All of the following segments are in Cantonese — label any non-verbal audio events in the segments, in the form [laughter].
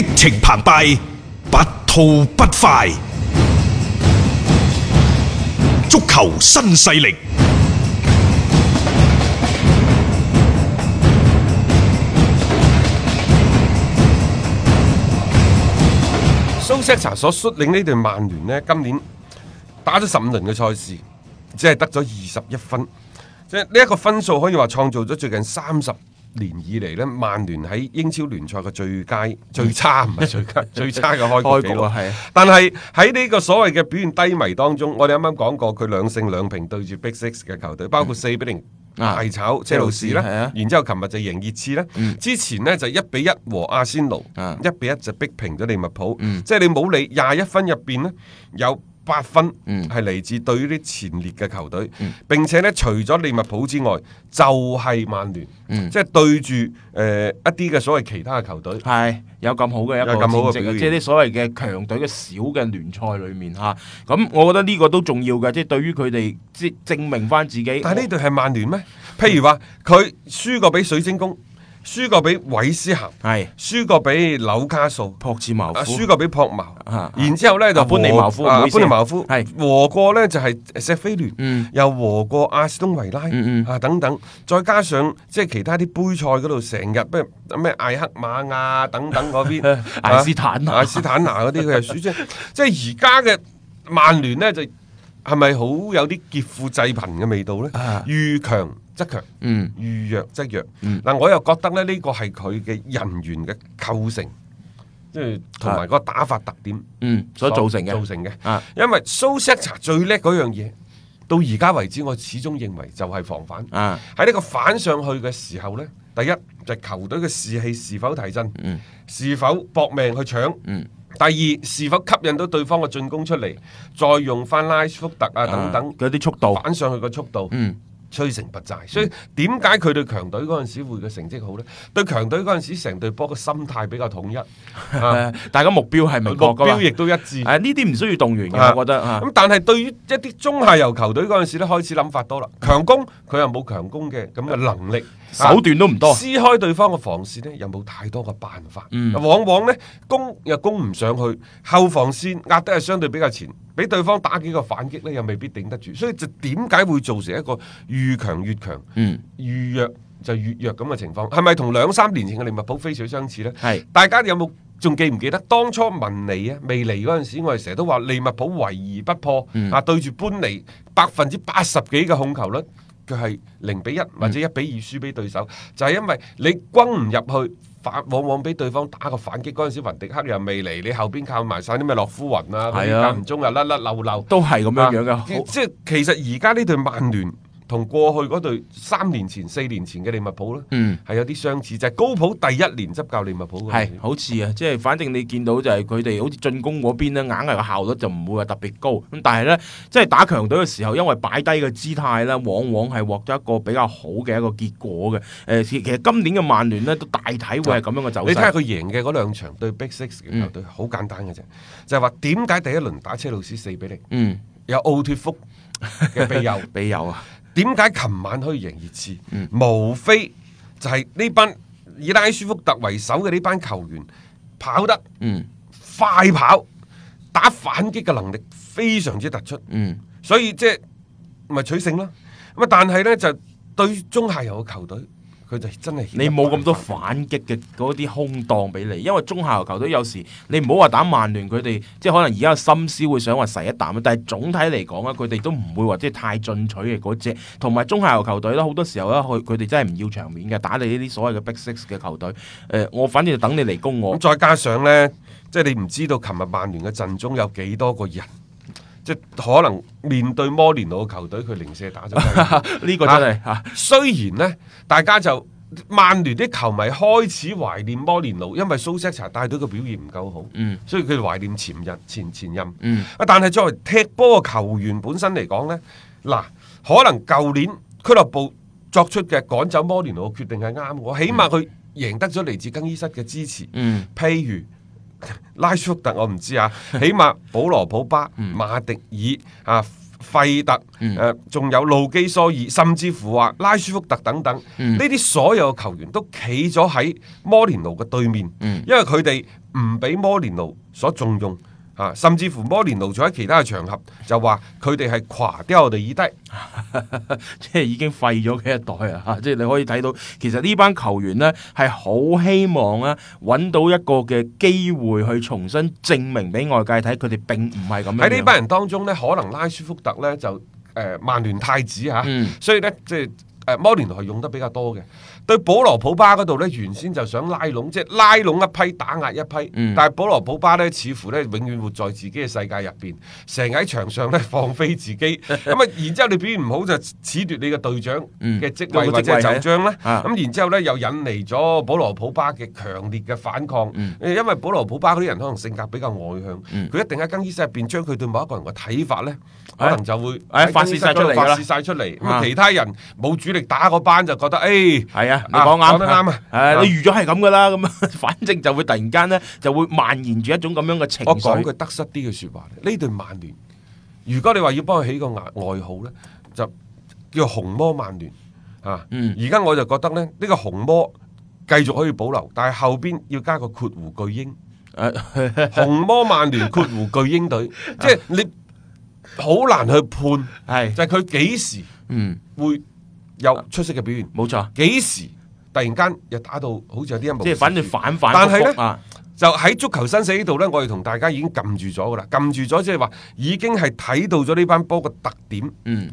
激情澎湃，不吐不快。足球新勢力，蘇斯查所率領呢隊曼聯咧，今年打咗十五輪嘅賽事，只係得咗二十一分，即係呢一個分數可以話創造咗最近三十年以嚟咧，曼聯喺英超聯賽嘅最佳、最差唔係最佳、 [laughs] 最差嘅開局啊！ [laughs] 局但係喺呢個所謂嘅表現低迷當中，我哋啱啱講過佢兩勝兩平對住 Big Six 嘅球隊，包括四比零大炒車路士啦，嗯啊、士然之後琴日就贏熱刺啦。嗯、之前呢，就一比一和阿仙奴，一、嗯、比一就逼平咗利物浦。嗯、即係你冇理廿一分入邊呢。有。八分，嗯，係嚟自，對於啲前列嘅球隊，並且咧除咗利物浦之外，就係曼聯，嗯、即係對住誒、呃、一啲嘅所謂其他嘅球隊係有咁好嘅一個成績，好即係啲所謂嘅強隊嘅小嘅聯賽裏面吓，咁我覺得呢個都重要嘅，即、就、係、是、對於佢哋即係證明翻自己。但係呢隊係曼聯咩？譬如話佢輸過俾水晶宮。輸過俾韋斯咸，係輸過俾紐卡素，樸茨茅夫，輸過俾樸茅，然之後咧就搬尼茅夫，搬尼茅夫，和過咧就係石飛聯，又和過阿斯頓維拉，啊等等，再加上即係其他啲杯賽嗰度，成日咩咩艾克馬亞等等嗰邊，埃斯坦、埃斯坦拿嗰啲佢又輸出，即係而家嘅曼聯咧就。係咪好有啲劫富濟貧嘅味道呢？遇、啊、強則強，遇、嗯、弱則弱。嗱、嗯，我又覺得咧，呢、這個係佢嘅人員嘅構成，即係同埋嗰個打法特點，嗯、啊，所造成嘅，啊、造成嘅。啊、因為蘇斯察最叻嗰樣嘢，到而家為止，我始終認為就係防反。喺呢、啊、個反上去嘅時候呢，第一就係、是、球隊嘅士氣是否提振，是否搏命去搶。嗯嗯第二，是否吸引到對方嘅進攻出嚟，再用翻拉斯福特啊等等嗰啲、啊、速度，反上去嘅速度。嗯摧城拔寨，所以點解佢對強隊嗰陣時會嘅成績好呢？對強隊嗰陣時，成隊波嘅心態比較統一，大、啊、家 [laughs] 目標係咪？目標亦都一致。呢啲唔需要動員嘅，啊、我覺得。咁、啊、但係對於一啲中下游球隊嗰陣時咧，開始諗法多啦。強攻佢又冇強攻嘅咁嘅能力、 [laughs] 手段都唔多、啊，撕開對方嘅防線呢，又冇太多嘅辦法。嗯、往往呢，攻又攻唔上去，後防線壓得係相對比較前。俾對方打幾個反擊呢，又未必頂得住，所以就點解會造成一個越強越強，遇、嗯、弱就越弱咁嘅情況？係咪同兩三年前嘅利物浦非常相似呢？係是，大家有冇仲記唔記得當初文尼啊，未嚟嗰陣時，我哋成日都話利物浦圍而不破，啊、嗯、對住般尼百分之八十幾嘅控球率，佢係零比一或者一比二輸俾對手，嗯、就係因為你轟唔入去。往往俾對方打個反擊，嗰陣時雲迪克又未嚟，你後邊靠埋晒啲咩洛夫雲啊，間唔中又甩甩漏漏，都係咁樣樣嘅、啊好。即係其實而家呢隊曼聯，嗯同過去嗰隊三年前、四年前嘅利物浦咧，係、嗯、有啲相似，就係、是、高普第一年執教利物浦，係好似啊，即係反正你見到就係佢哋好似進攻嗰邊咧，硬係個效率就唔會話特別高。咁但係咧，即係打強隊嘅時候，因為擺低嘅姿態咧，往往係獲得一個比較好嘅一個結果嘅。誒、呃，其實今年嘅曼聯咧都大體會係咁樣嘅走勢。嗯、你睇下佢贏嘅嗰兩場對 Big Six 嘅球隊，好、嗯、簡單嘅啫，就係話點解第一輪打車路士四比零？嗯，有奧脱福嘅庇佑，庇佑 [laughs] 啊！點解琴晚可以贏熱刺？嗯、無非就係呢班以拉舒福特為首嘅呢班球員跑得快跑，嗯、打反擊嘅能力非常之突出，嗯、所以即係咪取勝啦？咁啊，但係咧就對中下游嘅球隊。佢哋真係你冇咁多反擊嘅嗰啲空檔俾你，因為中下游球隊有時你唔好話打曼聯，佢哋即係可能而家心思會想話噬一啖啊，但係總體嚟講啊，佢哋都唔會話即係太進取嘅嗰隻，同埋中下游球隊咧好多時候咧，佢佢哋真係唔要場面嘅，打你呢啲所謂嘅 Big Six 嘅球隊，誒、呃、我反正就等你嚟攻我。再加上咧，即係你唔知道琴日曼聯嘅陣中有幾多個人。即可能面對摩連奴嘅球隊，佢零舍打咗，呢 [laughs] 個真係、啊。雖然咧，大家就曼聯啲球迷開始懷念摩連奴，因為蘇斯查帶隊嘅表現唔夠好，嗯，所以佢懷念前日、前前任，嗯，啊、但係作為踢波嘅球員本身嚟講呢嗱、啊，可能舊年俱樂部作出嘅趕走摩連奴嘅決定係啱嘅，起碼佢贏得咗嚟自更衣室嘅支持，嗯，譬如。拉舒福特我唔知啊，起碼保羅普巴、 [laughs] 嗯、馬迪爾啊、費特誒，仲、嗯呃、有路基蘇爾，甚至乎話、啊、拉舒福特等等，呢啲、嗯、所有球員都企咗喺摩連奴嘅對面，嗯、因為佢哋唔俾摩連奴所重用。啊，甚至乎摩連奴仲喺其他嘅場合就話佢哋係垮掉我以。我哋耳低，即係已經廢咗佢一代啊！即係你可以睇到，其實呢班球員咧係好希望咧、啊、揾到一個嘅機會去重新證明俾外界睇，佢哋並唔係咁樣。喺呢班人當中咧，可能拉舒福特咧就誒、呃、曼聯太子嚇、啊，嗯、所以咧即係。誒、啊、摩連奴係用得比較多嘅，對保羅普巴嗰度咧，原先就想拉攏，即係拉攏一批打壓一批。嗯、但係保羅普巴咧，似乎咧永遠活在自己嘅世界入邊，成日喺場上咧放飛自己。咁 [laughs] 啊，然之後你表現唔好就褫奪你嘅隊長嘅職位、嗯、或者就將咧。咁、啊、然之後咧又引嚟咗保羅普巴嘅強烈嘅反抗。嗯、因為保羅普巴嗰啲人可能性格比較外向，佢、嗯嗯、一定喺更衣室入邊將佢對某一個人嘅睇法咧。可能就會誒，發洩晒出嚟啦，晒出嚟。咁其他人冇主力打嗰班，就覺得誒，係啊，你講啱，講得啱啊。誒，你預咗係咁噶啦，咁啊，反正就會突然間咧，就會蔓延住一種咁樣嘅情緒。我講句得失啲嘅說話，呢隊曼聯，如果你話要幫佢起個外外號咧，就叫做紅魔曼聯啊。而家我就覺得咧，呢個紅魔繼續可以保留，但係後邊要加個括弧巨嬰。誒，紅魔曼聯括弧巨嬰隊，即係你。好難去判，係就係佢幾時嗯會有出色嘅表現，冇錯、嗯。幾時突然間又打到好似有啲咁，即係反正反反，反、啊。但係咧、啊、就喺足球新勢力呢度咧，我哋同大家已經撳住咗噶啦，撳住咗即係話已經係睇到咗呢班波嘅特點，嗯，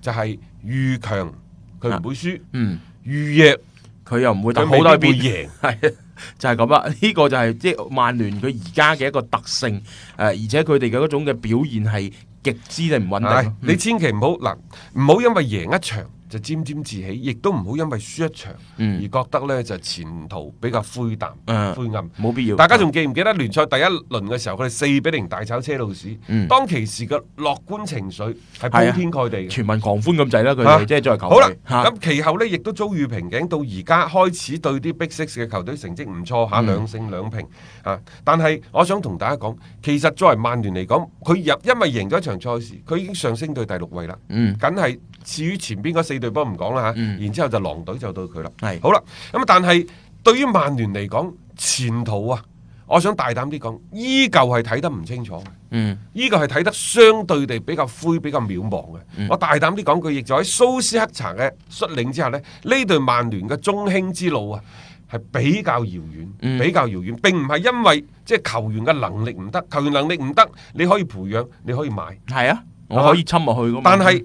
就係遇強佢唔會輸，嗯，遇弱佢又唔會打好多變，贏係 [laughs] [laughs] 就係咁啊！呢、這個就係即係曼聯佢而家嘅一個特性，誒、呃，而且佢哋嘅嗰種嘅表現係。呃呃極之你唔穩定，唉嗯、你千祈唔好嗱，唔好因為贏一場。就沾沾自喜，亦都唔好因為輸一場、嗯、而覺得呢就前途比較灰淡、啊、灰暗，冇必要。大家仲記唔記得聯賽第一輪嘅時候，佢哋四比零大炒車路士，嗯、當其時嘅樂觀情緒係鋪天蓋地，全民、啊、狂歡咁滯啦！佢哋、啊、即係再為好啦，咁、啊、其後呢亦都遭遇瓶頸，到而家開始對啲 Big Six 嘅球隊成績唔錯嚇，啊、兩勝兩平嚇、啊。但係我想同大家講，其實作為曼聯嚟講，佢入因為贏咗一場賽事，佢已經上升到第六位啦。嗯，緊至於前邊嗰四隊波唔講啦吓，嗯、然之後就狼隊就到佢啦。係是好啦，咁但係對於曼聯嚟講前途啊，我想大膽啲講，依舊係睇得唔清楚嘅。嗯，依舊係睇得相對地比較灰，比較渺茫嘅。嗯、我大膽啲講，佢亦就喺蘇斯克查嘅率領之下呢。呢隊曼聯嘅中興之路啊，係比較遙遠，嗯、比較遙遠，並唔係因為即係球員嘅能力唔得，球員能力唔得，你可以培養，你可以買。係啊吧，我可以侵入去。但係。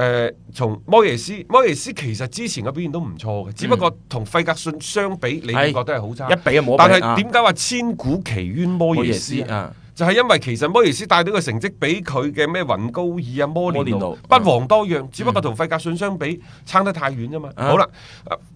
誒、呃，從摩耶斯，摩耶斯其實之前嘅表現都唔錯嘅，嗯、只不過同費格遜相比，你覺得係好差、哎，一比就冇。但係點解話千古奇冤摩耶斯啊？啊就係因為其實摩爾斯帶隊嘅成績比佢嘅咩雲高爾啊、摩連奴不遑多讓，嗯、只不過同費格遜相比撐得太遠啫嘛。嗯、好啦，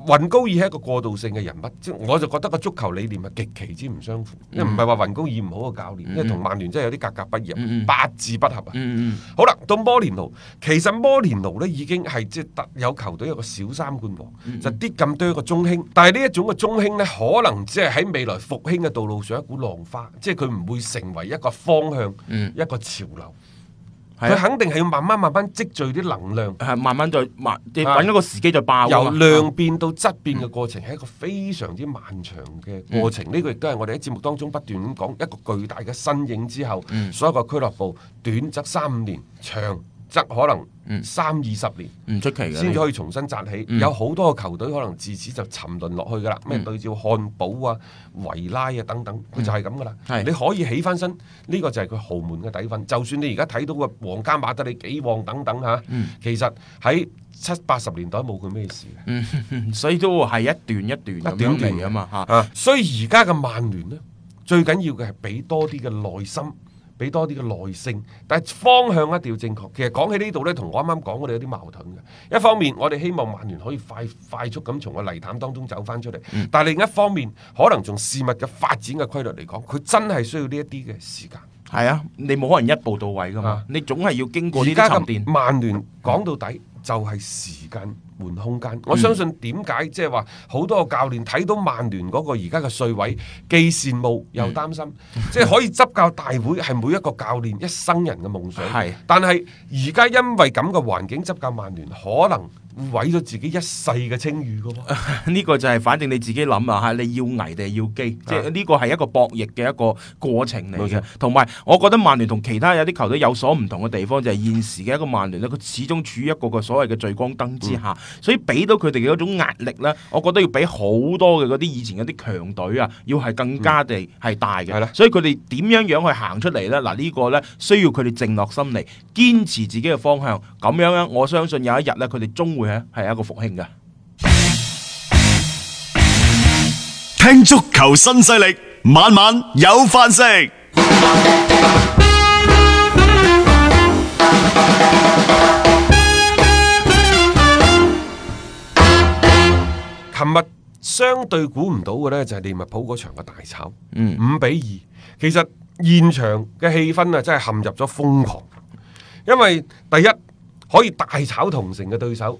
雲高爾係一個過渡性嘅人物，即、就是、我就覺得個足球理念係極其之唔相符，即係唔係話雲高爾唔好嘅教練，即係同曼聯真係有啲格格不入，嗯、八字不合啊。嗯嗯嗯、好啦，到摩連奴，其實摩連奴呢已經係即係得有球隊有個小三冠王，嗯嗯、就啲咁多一個中興，但係呢一種嘅中興呢，可能只係喺未來復興嘅道路上一股浪花，即係佢唔會成為一個方向，嗯、一個潮流，佢、啊、肯定係要慢慢、慢慢積聚啲能量、啊，慢慢再慢，你搵一個時機再爆、啊。由量變到質變嘅過程係、嗯、一個非常之漫長嘅過程，呢、嗯、個亦都係我哋喺節目當中不斷咁講一個巨大嘅身影之後，嗯、所有嘅俱樂部短則三五年，長。則可能三二十年唔出奇，嘅，先至可以重新扎起。嗯、有好多個球隊可能自此就沉淪落去噶啦，咩、嗯、對照漢堡啊、維拉啊等等，佢就係咁噶啦。嗯、你可以起翻身，呢、呢個就係佢豪門嘅底蘊。就算你而家睇到個皇家馬德里幾旺等等吓，嗯、其實喺七八十年代冇佢咩事。嘅、嗯，所以都係一段一段一段嚟。噶嘛、嗯、所以而家嘅曼聯呢，最緊要嘅係俾多啲嘅耐心。俾多啲嘅耐性，但係方向一定要正確。其實講起呢度呢，同我啱啱講嗰啲有啲矛盾嘅。一方面，我哋希望曼聯可以快快速咁從個泥潭當中走翻出嚟，嗯、但係另一方面，可能從事物嘅發展嘅規律嚟講，佢真係需要呢一啲嘅時間。係啊、嗯，嗯、你冇可能一步到位噶嘛？嗯、你總係要經過呢個沉澱。曼聯講到底就係時間。嗯嗯換空間，嗯、我相信點解即係話好多個教練睇到曼聯嗰個而家嘅帥位，既羨慕又擔心。即係、嗯、可以執教大會係每一個教練一生人嘅夢想，是但係而家因為咁嘅環境執教曼聯可能。毀咗自己一世嘅清譽嘅喎，呢、呢個就係反正你自己諗啊嚇，你要危定係要機，啊、即係呢個係一個博弈嘅一個過程嚟嘅。同埋，我覺得曼聯同其他有啲球隊有所唔同嘅地方，就係、係、現時嘅一個曼聯咧，佢始終處於一個個所謂嘅聚光燈之下，嗯、所以俾到佢哋嘅一種壓力咧，我覺得要俾好多嘅嗰啲以前嗰啲強隊啊，要係更加地係大嘅。嗯、所以佢哋點樣樣去行出嚟咧？嗱、啊，呢個、呢個咧需要佢哋靜落心嚟，堅持自己嘅方向。咁樣咧，我相信有一日咧，佢哋終會。係一個復興噶。聽足球新勢力，晚晚有飯食。琴日相對估唔到嘅呢，就係利物浦嗰場嘅大炒，嗯，五比二。其實現場嘅氣氛啊，真係陷入咗瘋狂，因為第一可以大炒同城嘅對手。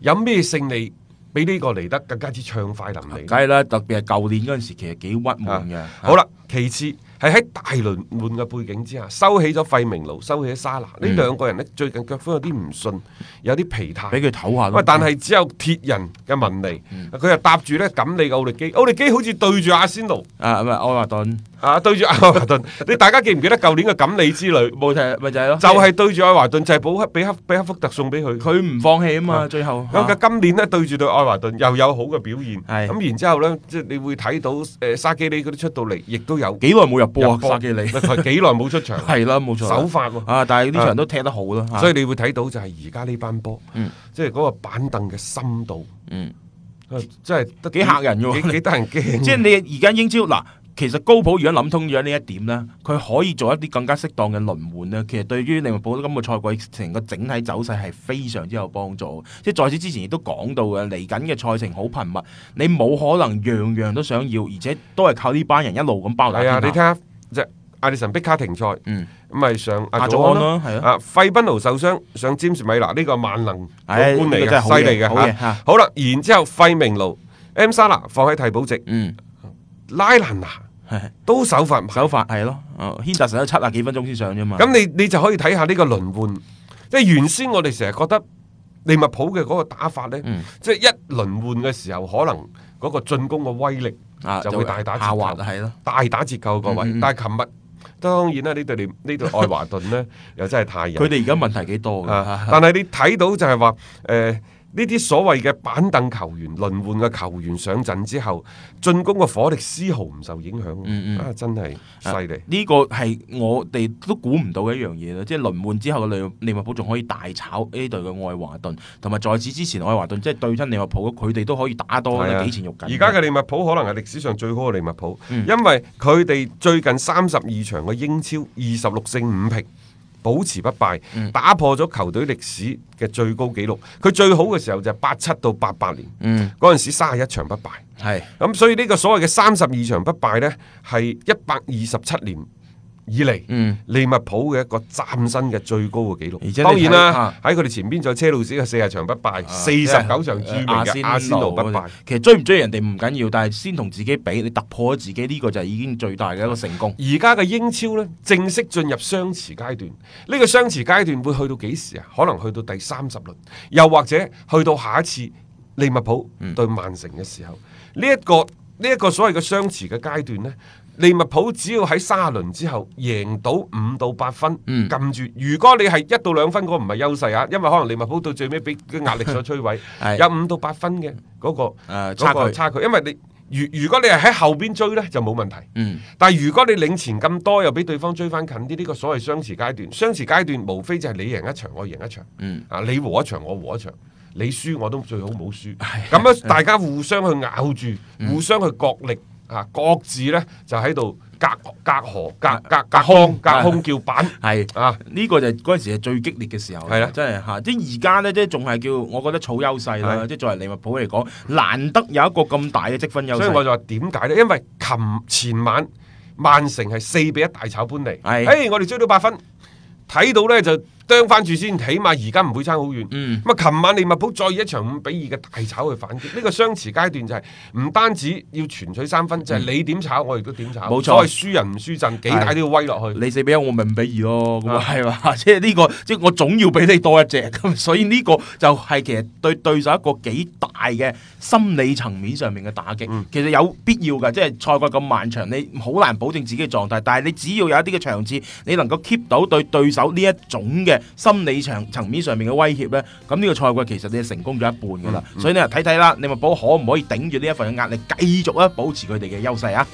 有咩勝利比呢個嚟得更加之暢快淋漓？梗係啦，特別係舊年嗰陣時，其實幾鬱悶嘅。啊啊、好啦，其次係喺大輪換嘅背景之下，收起咗費明奴，收起沙拿呢兩個人咧，最近腳踝有啲唔順，有啲疲態，俾佢唞下。喂，但係只有鐵人嘅文尼，佢、嗯、又搭住咧錦你嘅奧利基，奧利基好似對住阿仙奴啊，唔係愛華頓。啊！對住愛華頓，你大家記唔記得舊年嘅錦鯉之旅？冇睇咪就係咯，就係對住愛華頓，就係保克比克比克福特送俾佢，佢唔放棄啊嘛，最後。咁嘅今年咧對住對愛華頓又有好嘅表現，咁然之後咧即係你會睇到誒沙基利嗰啲出到嚟，亦都有幾耐冇入波啊，沙基利幾耐冇出場，係啦冇錯，手法啊，但係呢場都踢得好咯，所以你會睇到就係而家呢班波，即係嗰個板凳嘅深度，嗯，即係都幾嚇人嘅，幾得人驚。即係你而家英超嗱。其實高普如果諗通咗呢一點咧，佢可以做一啲更加適當嘅輪換咧。其實對於利物浦今個賽季成個整體走勢係非常之有幫助。即係在此之前亦都講到嘅，嚟緊嘅賽程好頻密，你冇可能樣樣都想要，而且都係靠呢班人一路咁包打。啊，你睇下即係艾利森碧卡停賽，嗯，咁咪上阿祖安咯，係咯，阿費賓奴受傷上占士米拿呢個萬能老倌嚟嘅好犀利嘅好嘢，好啦，然之後費明奴、M 沙拿放喺替補席，嗯，拉蘭拿。都手法唔手法係咯，的哦，希特成咗七啊幾分鐘先上啫嘛。咁你你就可以睇下呢個輪換，即、就、係、是、原先我哋成日覺得利物浦嘅嗰個打法咧，即係、嗯、一輪換嘅時候，可能嗰個進攻嘅威力就會大打折扣，啊、大打折扣個的位。嗯嗯但係琴日當然啦，你對你對華呢對呢對愛華頓咧又真係太人。佢哋而家問題幾多， [laughs] 但係你睇到就係話誒。呃呢啲所謂嘅板凳球員輪換嘅球員上陣之後，進攻嘅火力絲毫唔受影響。嗯嗯啊，真係犀利！呢、啊呢個係我哋都估唔到嘅一樣嘢啦。即、就、係、是、輪換之後嘅利物浦仲可以大炒 A 隊嘅愛華頓，同埋在此之前愛華頓即係、就是、對親利物浦，佢哋都可以打多、啊、幾錢肉緊。而家嘅利物浦可能係歷史上最好嘅利物浦，嗯、因為佢哋最近三十二場嘅英超二十六勝五平。保持不敗，打破咗球隊歷史嘅最高紀錄。佢最好嘅時候就係八七到八八年，嗰陣、嗯、時三十一場不敗。係咁是、嗯，所以呢個所謂嘅三十二場不敗呢，係一百二十七年，以嚟、嗯、利物浦嘅一個嶄新嘅最高嘅紀錄，當然啦，喺佢哋前邊仲有車路士嘅四十場不敗，四十九場著名嘅阿仙奴、啊、不敗，其實追唔追人哋唔緊要，但係先同自己比，你突破咗自己呢、這個就係已經最大嘅一個成功。而家嘅英超呢，正式進入相持階段，呢、這個相持階段會去到幾時啊？可能去到第三十輪，又或者去到下一次利物浦對曼城嘅時候，呢一個呢一個所謂嘅相持嘅階段呢。利物浦只要喺卅輪之後贏到五到八分，撳、嗯、住。如果你係一到兩分，嗰、那個唔係優勢啊，因為可能利物浦到最尾俾嘅壓力所摧毀。 [laughs] 是有五到八分嘅嗰、那個，誒、呃、差距，差距。因為你如如果你係喺後邊追呢，就冇問題。嗯、但係如果你領前咁多，又俾對方追翻近啲，呢、這個所謂相持階段。相持階段，無非就係你贏一場，我贏一場。啊、嗯，你和一場，我和一場，你輸我都最好唔好輸。咁、嗯、 [laughs] 樣大家互相去咬住，互相互去角力。啊！各自咧就喺度隔隔河、隔隔隔空、隔空叫板，係啊！呢、啊，這個就嗰陣時係最激烈嘅時候，係啦的，真係吓！即係而家咧，即係仲係叫，我覺得草優勢啦，即係的作為利物浦嚟講，難得有一個咁大嘅積分優勢。所以我就話點解咧？因為前前晚曼城係四比一大炒般尼，係的，誒、欸，我哋追到八分，睇到咧就。掟翻住先，起碼而家唔會差好遠。咁啊、嗯，琴晚利物浦再以一場五比二嘅大炒去反擊，呢、這個相持階段就係唔單止要全取三分，嗯、就係你點炒我亦都點炒。冇錯，所以輸人唔輸陣，幾是大都要威落去。你四比一，我五比二咯，咁啊係嘛？即係呢個，即、就、係、是、我總要比你多一隻。咁所以呢個就係其實對對手一個幾大嘅心理層面上面嘅打擊。嗯、其實有必要嘅，即、就、係、是、賽季咁漫長，你好難保證自己嘅狀態。但係你只要有一啲嘅場次，你能夠 keep 到對對手呢一種嘅。心理層層面上面嘅威脅咧，咁呢個賽季其實你係成功咗一半噶啦，所以你咧睇睇啦，你咪保可唔可以頂住呢一份壓力，繼續啊保持佢哋嘅優勢啊！